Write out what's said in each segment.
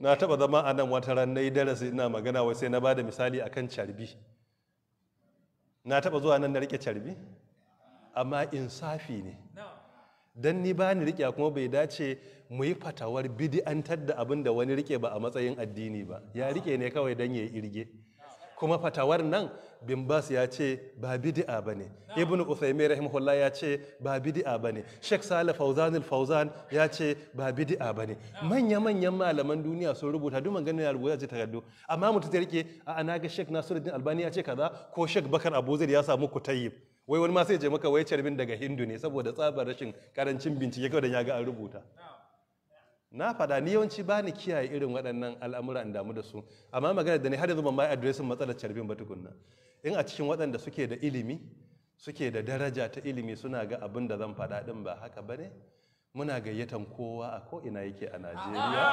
na taba zama a nan wata ran nayi darasi ina magana wai sai na ba da misali akan carbi na taba zuwa nan na rike carbi amma insafi ne Don ni ba ni rike kuma bai dace mu yi fatawar bidi'antar da abin da wani rike ba a matsayin addini ba ya rike ne kawai don ya yi irge kuma fatawar nan bin bas ya ce ba bid'a bane ibnu uthaymeen rahimahullah ya ce ba bid'a bane sheikh salih fawzan Fauzan ya ce ba ba ne. manya manyan malaman duniya sun rubuta duk ganin ya rubuta ta gaddo amma mutum ta rike a ana ga sheikh nasiruddin albani ya ce kaza ko sheikh bakar abuzir ya samu kutayyib wai wani ma sai je maka wai carbin daga hindu ne saboda tsabar rashin karancin bincike kawai da ya ga an rubuta na faɗa ni yawanci ba ni kiyaye irin waɗannan al'amura in damu da su amma magana da ni har yanzu ban ma adresin matsalar carbin ba tukunna in a cikin waɗanda suke da ilimi suke da daraja ta ilimi suna ga abin da zan faɗa ɗin ba haka ba ne muna gayyatan kowa a ko ina yake a najeriya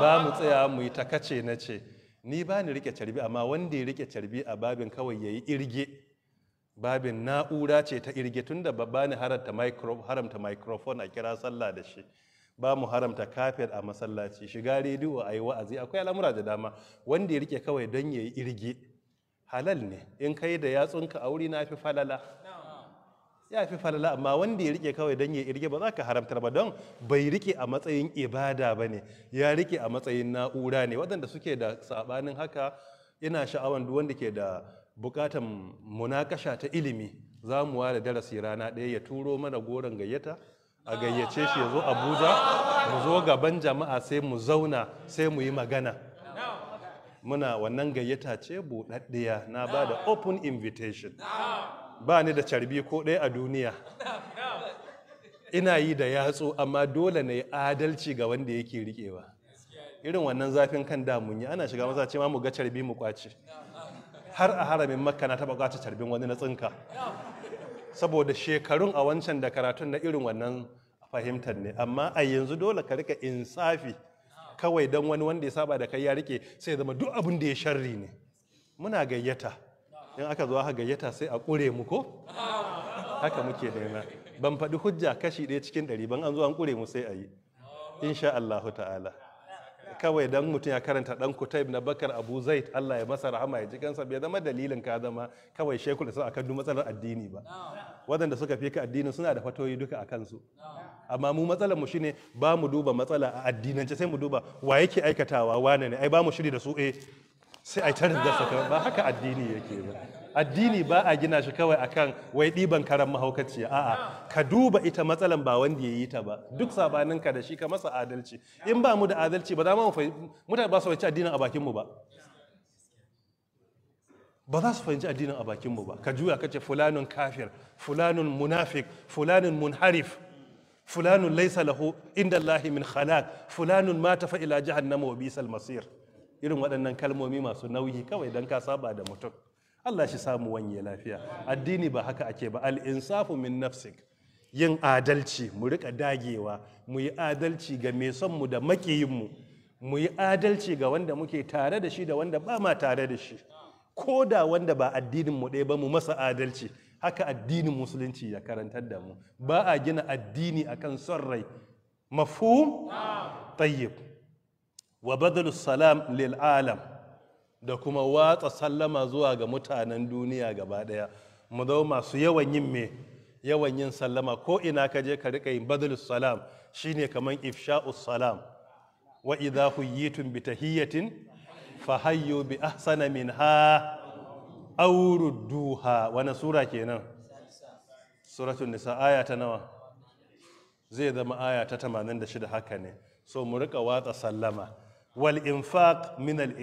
ba mu tsaya mu yi takace na ce ni ba ni rike carbi amma wanda ya rike carbi a babin kawai ya yi irge babin na'ura ce ta irge tun da ba ni haramta microphone a kira sallah da shi ba mu haramta kafet a masallaci shiga rediyo a yi wa'azi akwai al'amura da dama wanda ya rike kawai don ya yi irge halal ne in kai da yatsunka a wuri na fi falala ya fi falala amma wanda ya rike kawai don ya irge ba za ka haramtar ba don bai rike a matsayin ibada ba ne ya rike a matsayin na'ura ne waɗanda suke da saɓanin haka ina sha'awan duk wanda ke da bukatan munakasha ta ilimi za mu ware darasi rana ɗaya ya turo mana goron gayyata a gayyace shi ya zo abuja mu zo gaban jama'a sai mu zauna sai mu yi magana muna wannan gayyata ce buɗaɗɗiya na ba da open invitation ba ni da carbi ko ɗaya a duniya ina yi da yatsu amma dole na yi adalci ga wanda yake riƙewa irin wannan zafin kan damun yi ana shiga masa ce ma mu ga carbi mu kwace har a haramin makka na taɓa kwace carbin wani na tsinka saboda shekarun a wancan da karatun na irin wannan fahimtar ne amma a yanzu dole ka rika insafi kawai don wani wanda ya saba da kai ya rike sai zama duk abin da ya sharri ne muna gayyata in aka zo aka gayyata sai a kure mu ko haka muke nema ban faɗi hujja kashi ɗaya cikin ɗari ban an zo an kure mu sai a yi insha Allahu ta'ala kawai dan mutum ya karanta dan kutai na bakar abu zaid Allah ya masa rahama ya ji kansa bai zama dalilin ka zama kawai shekul da aka duk matsalar addini ba Wadanda suka fi ka addini suna da fatoyi duka akan su amma mu matsalar mu shine ba mu duba matsala a addinance sai mu duba wa yake aikatawa wane ne ai ba mu shiri da su eh sai ai tarin da saka ba haka addini yake ba addini ba a gina shi kawai akan wai ɗiban karan mahaukaci a'a ka duba ita matsalan ba wanda ya yi ta ba duk sabanin ka da shi ka masa adalci in ba mu da adalci ba za mu mutane ba su fahimci addinin a bakin mu ba ba za su fahimci addinin a bakin mu ba ka juya ka ce fulanun kafir fulanun munafik fulanun munharif fulanun laisa lahu inda Allahi min khalaq fulanun ma fa ila jahannama wa masir irin waɗannan kalmomi masu nauyi kawai don ka saba da mutum Allah shi samu wanye lafiya addini ba haka ake ba al'insafu min nafsik yin adalci mu rika dagewa mu yi adalci ga mai son mu da makiyin mu mu yi adalci ga wanda muke tare da shi da wanda ba ma tare da shi ko da wanda ba addinin mu ɗaya ba mu masa adalci haka addinin musulunci ya karantar da mu ba a gina addini akan son rai Mafu! tayyib wa badal salam lil alam da kuma watsa sallama zuwa ga mutanen duniya gaba daya mu zo masu yawan yin me yawan yin sallama ko ina ka je ka rika yin badal salam shine kaman ifsha'us salam wa idha huyitum bi tahiyatin fahayyu bi ahsana minha auruduha wani sura kenan suratun nisa aya ta nawa zai zama aya ta 86 haka ne so mu rika watsa sallama wal infaq min al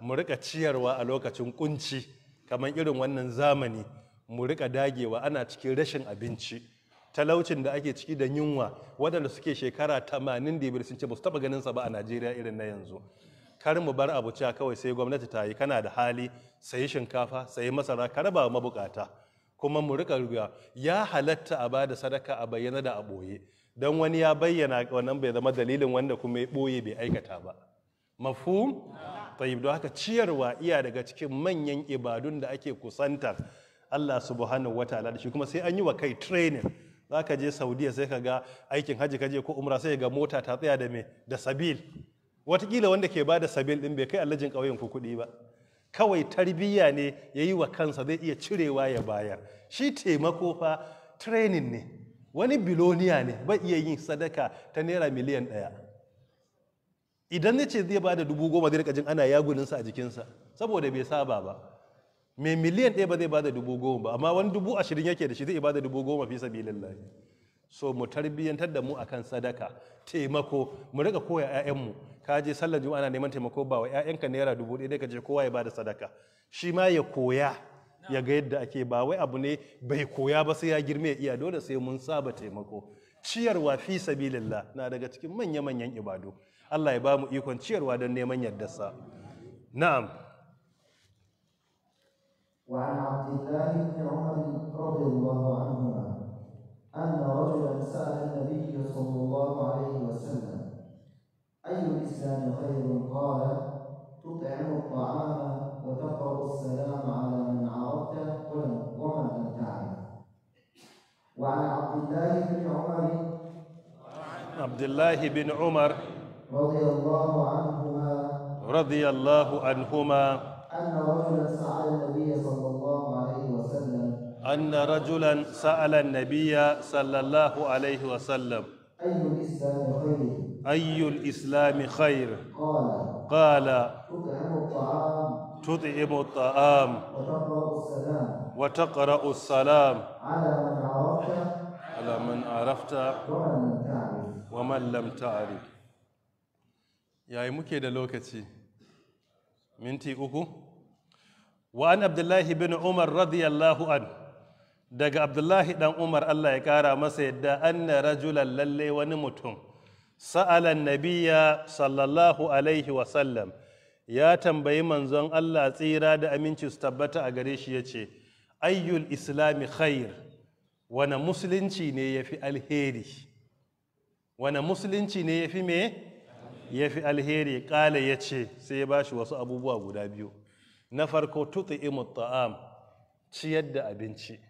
mu rika ciyarwa a lokacin kunci kamar irin wannan zamani mu rika dagewa ana cikin rashin abinci talaucin da ake ciki da yunwa waɗanda suke shekara 80 da sun ce ba su taɓa ganin sa ba a Najeriya irin na yanzu kar mu bar abu cewa kawai sai gwamnati ta yi kana da hali sayi shinkafa sayi masara ka raba mabukata kuma mu rika ruwa ya halatta a bada sadaka a bayyana da a boye don wani ya bayyana wannan bai zama dalilin wanda kuma ya boye bai aikata ba Mafu, tayyib don haka ciyarwa iya daga cikin manyan ibadun da ake kusantar Allah subhanahu wataala da shi kuma sai an yi wa kai training ka je Saudiya sai ka ga aikin ka je ko umra sai ga mota ta tsaya da me da sabil watakila wanda ke bada sabil din bai kai allajin kauyen ku kuɗi ba kawai tarbiyya ne ya yi wa kansa zai iya cirewa ya bayar shi taimako fa training ne wani biloniya ne ba iya yin sadaka ta naira miliyan ɗaya idan na ce zai ba da dubu goma zai jin ana yaguninsa a jikinsa saboda bai saba ba mai miliyan ɗaya ba zai bada dubu goma ba amma wani dubu ashirin yake da shi zai bada dubu goma fi sabilillahi so mu tarbiyyantar da mu akan sadaka taimako mu rika koya 'ya'yanmu ka je sallar juma'a ana neman taimako ba wa ƴaƴanka naira dubu ɗaya ka je kowa ya bada sadaka shi ma ya koya ya ga yadda ake ba wai abu ne bai koya ba sai ya girme iya dole sai mun saba taimako ciyarwa fi sabilillah na daga cikin manya manyan ibadu Allah ya ba mu ikon ciyarwa don neman yardarsa na'am wa قال تطعم الطعام وتقرأ السلام على من عرفته ومن لم تعرف وعن عبد الله بن عمر عبد الله بن عمر رضي الله عنهما رضي الله عنهما أن رجلا سأل النبي صلى الله عليه وسلم أن رجلا سأل النبي صلى الله عليه وسلم أي الإسلام خير أي الإسلام خير قال قال تطعم الطعام تطعم الطعام وتقرأ السلام وتقرأ السلام على من عرفت على من عرفت ومن لم تعرف ومن لم تعرف yayi muke da lokaci minti uku wa an abdullahi bin umar radiyallahu an daga abdullahi dan umar allah ya kara masa yadda anna rajulan lalle wani mutum sa'alan nabiya sallallahu alaihi wasallam ya tambayi manzon allah tsira da aminci su tabbata a gare shi ya ce ayyul islami khair wane musulunci ne ya fi alheri wane musulunci ne ya fi me ya fi alheri kala ya ce sai ya bashi wasu abubuwa guda biyu na farko tuti ta'am ciyar da abinci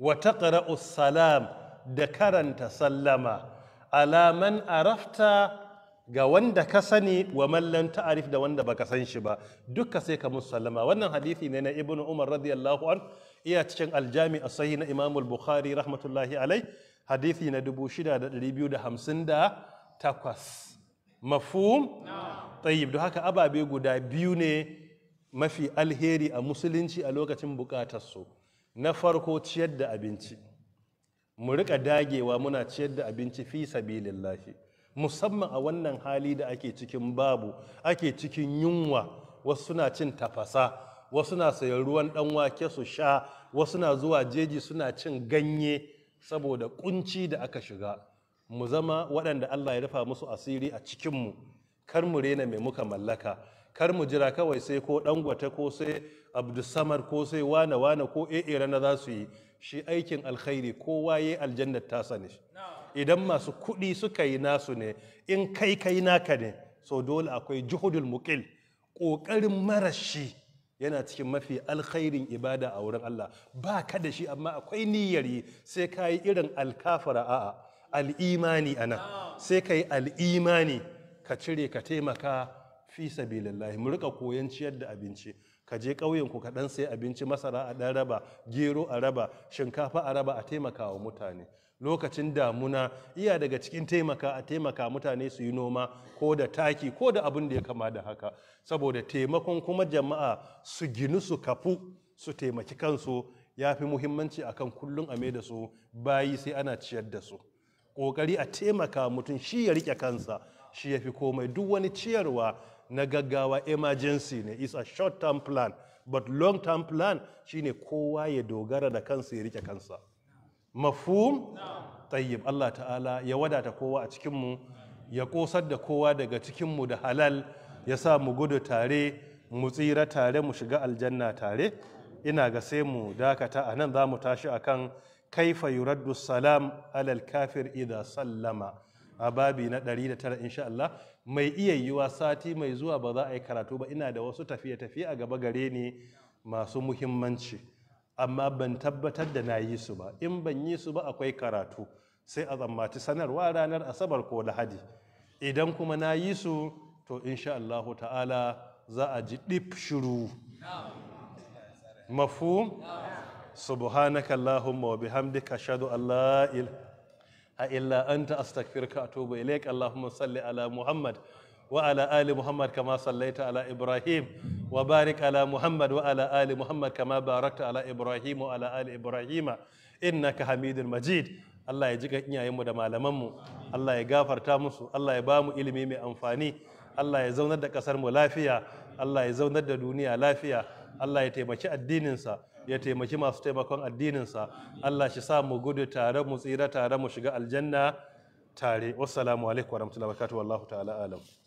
wa taqra'u salam da karanta sallama ala arafta ga wanda ka sani wa mallan ta'arif da wanda baka san shi ba duka sai ka musallama wannan hadisi ne na ibnu umar radiyallahu an iya cikin aljami a sahih na imam al-bukhari rahmatullahi alai hadisi na 6258 mafhum tayyib don haka ababe guda biyu ne mafi alheri a musulunci a lokacin bukatar na farko ciyar da abinci mu rika dagewa muna ciyar da abinci fi sabilillahi musamman a wannan hali da ake cikin babu ake cikin yunwa wasu suna cin tafasa wasu na sayan ruwan dan wake su sha wasu na zuwa jeji suna cin ganye saboda kunci da aka shiga mu zama waɗanda Allah ya rufa musu asiri a cikinmu kar mu rena mai muka mallaka kar mu jira kawai sai ko dangwata ko sai abdusamar ko sai wane wane ko e'era na za su yi shi aikin alkhairi kowa ya aljannar tasa ne idan masu kuɗi suka yi nasu ne in kai kai naka ne so dole akwai juhudul muqil ƙoƙarin marashi yana cikin mafi alkhairin ibada a wurin Allah ba ka da shi amma akwai niyyar yi sai ka yi irin alkafara a'a al'imani nan, sai ka yi al'imani ka cire ka taimaka fi sabilillahi mu rika koyan ciyar da abinci ka je ƙauyen ku kaɗan sai abinci masara a ɗan raba gero a raba shinkafa a raba a taimaka wa mutane lokacin damuna iya daga cikin taimaka a taimaka mutane su yi noma ko da taki ko da abin da ya kama da haka saboda taimakon kuma jama'a su ginu su kafu su taimaki kansu ya fi muhimmanci akan kullum a da su bayi sai ana ciyar da su ƙoƙari a taimaka mutum shi ya riƙe kansa shi ya fi komai duk wani ciyarwa na gaggawa emergency ne is a short term plan but long term plan shine kowa ya dogara da kansa ya rike kansa mafhum tayyib Allah ta'ala ya wadata kowa a cikin mu ya kosar da kowa daga cikin mu da halal ya sa mu gudu tare mu tsira tare mu shiga aljanna tare ina ga sai mu dakata a nan za mu tashi a kan kaifa yuraddu salam alal kafir idha sallama a babi na 109 insha Allah mai iya yiwa sati mai zuwa ba za a yi karatu ba ina da wasu tafiye-tafiye a gaba gare ni masu muhimmanci amma ban tabbatar da na yi su ba in ban yi su ba akwai karatu sai a tsammaci sanarwa ranar asabar ko lahadi idan kuma na yi su to insha Allah ta'ala za a ji ɗif shiru mafu subhanakallahumma wa bihamdika shadu Allah a illa anta astaghfiruka wa atubu ilaik allahumma salli ala muhammad وعلى آل محمد كما صليت على إبراهيم وبارك على محمد وعلى آل محمد كما باركت على إبراهيم وعلى آل إبراهيم إنك حميد مجيد Allah ya ji ga iyayenmu da malamanmu Allah ya gafarta musu Allah ya ba mu ilimi mai amfani Allah ya zaunar da ƙasarmu lafiya Allah ya zaunar da duniya lafiya Allah ya taimaki addininsa ya taimaki masu taimakon addininsa Allah shi sa mu gudu tare mu tsira tare mu shiga aljanna tare wassalamu alaikum warahmatullahi wabarakatuh wallahu ta'ala alam